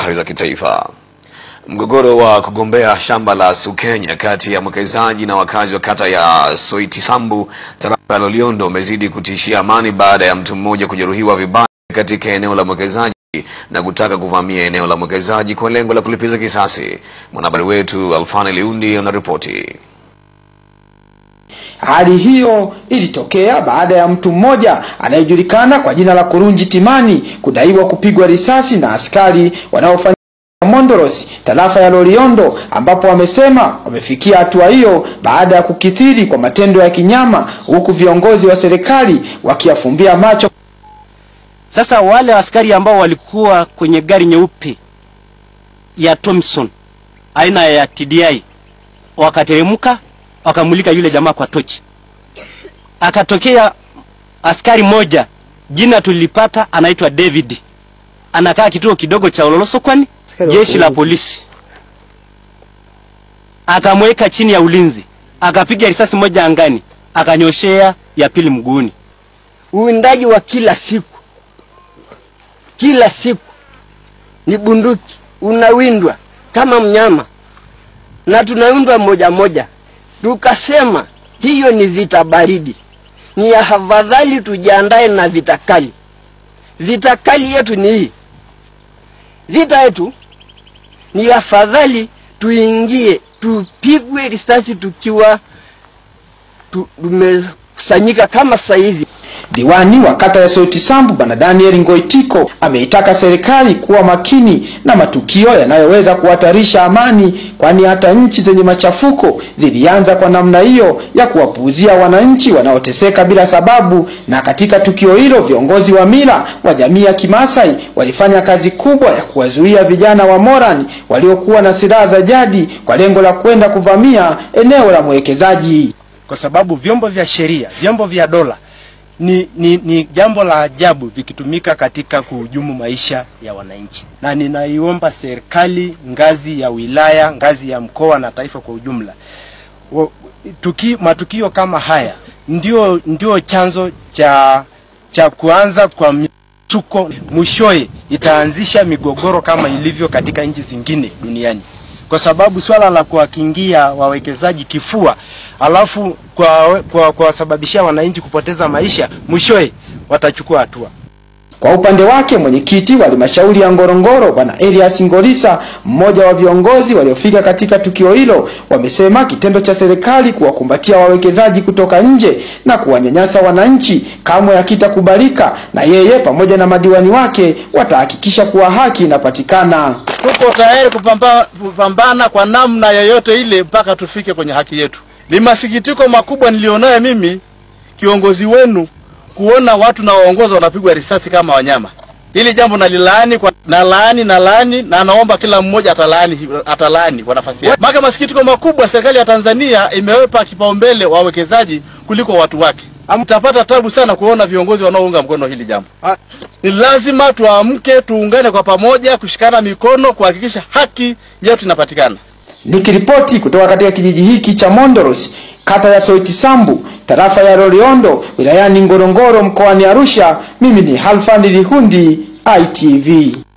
Habari za kitaifa. Mgogoro wa kugombea shamba la Sukenya kati ya mwekezaji na wakazi wa kata ya Soitisambu tarafa ya Loliondo umezidi kutishia amani baada ya mtu mmoja kujeruhiwa vibaya katika eneo la mwekezaji na kutaka kuvamia eneo la mwekezaji kwa lengo la kulipiza kisasi. Mwanahabari wetu Alfani Liundi anaripoti. Hali hiyo ilitokea baada ya mtu mmoja anayejulikana kwa jina la Kurunji Timani kudaiwa kupigwa risasi na askari wanaofanya Mondorosi tarafa ya Loliondo, ambapo wamesema wamefikia hatua hiyo baada ya kukithiri kwa matendo ya kinyama, huku viongozi wa serikali wakiyafumbia macho. Sasa wale askari ambao walikuwa kwenye gari nyeupe ya Thompson aina ya TDI wakateremka wakamulika yule jamaa kwa tochi. Akatokea askari moja, jina tulipata, anaitwa David, anakaa kituo kidogo cha Ololoso, kwani jeshi la polisi. Akamweka chini ya ulinzi, akapiga risasi moja angani, akanyoshea ya pili mguuni. Uwindaji wa kila siku, kila siku ni bunduki, unawindwa kama mnyama na tunawindwa moja moja. Tukasema hiyo ni vita baridi, ni afadhali tujiandae na vita kali. Vita kali yetu ni hii, vita yetu ni afadhali tuingie, tupigwe risasi tukiwa tumekusanyika kama sasa hivi. Diwani wa kata ya Sauti Sambu Bwana Daniel Ngoitiko ameitaka serikali kuwa makini na matukio yanayoweza kuhatarisha amani, kwani hata nchi zenye machafuko zilianza kwa namna hiyo ya kuwapuuzia wananchi wanaoteseka bila sababu. Na katika tukio hilo, viongozi wa mila wa jamii ya Kimasai walifanya kazi kubwa ya kuwazuia vijana wa Moran waliokuwa na silaha za jadi kwa lengo la kwenda kuvamia eneo la mwekezaji, kwa sababu vyombo vya sheria, vyombo vya dola ni, ni, ni jambo la ajabu vikitumika katika kuhujumu maisha ya wananchi, na ninaiomba serikali ngazi ya wilaya, ngazi ya mkoa na taifa kwa ujumla, tuki, matukio kama haya ndio, ndio chanzo cha, cha kuanza kwa misuko, mwishowe itaanzisha migogoro kama ilivyo katika nchi zingine duniani kwa sababu swala la kuwakingia wawekezaji kifua alafu kuwasababishia kwa, kwa wananchi kupoteza maisha, mwishowe watachukua hatua. Kwa upande wake mwenyekiti wa halmashauri ya Ngorongoro Bwana Elias Ngolisa, mmoja wa viongozi waliofika katika tukio hilo, wamesema kitendo cha serikali kuwakumbatia wawekezaji kutoka nje na kuwanyanyasa wananchi kamwe hakitakubalika, na yeye pamoja na madiwani wake watahakikisha kuwa haki inapatikana tuko tayari kupambana, kupambana kwa namna yoyote ile mpaka tufike kwenye haki yetu. Ni masikitiko makubwa nilionayo mimi kiongozi wenu kuona watu nawaongoza wanapigwa risasi kama wanyama. Hili jambo nalilaani kwa na laani na laani na naomba kila mmoja atalaani atalaani kwa nafasi yake. Maka masikitiko makubwa serikali ya Tanzania imewepa kipaumbele wawekezaji kuliko watu wake mtapata tabu sana kuona viongozi wanaounga mkono hili jambo. Ah. Ni lazima tuamke, tuungane kwa pamoja, kushikana mikono kuhakikisha haki yetu inapatikana. Nikiripoti kutoka katika kijiji hiki cha mondoros kata ya Soitisambu, tarafa ya Loliondo, wilayani Ngorongoro, mkoani Arusha, mimi ni Halfan Lihundi, ITV.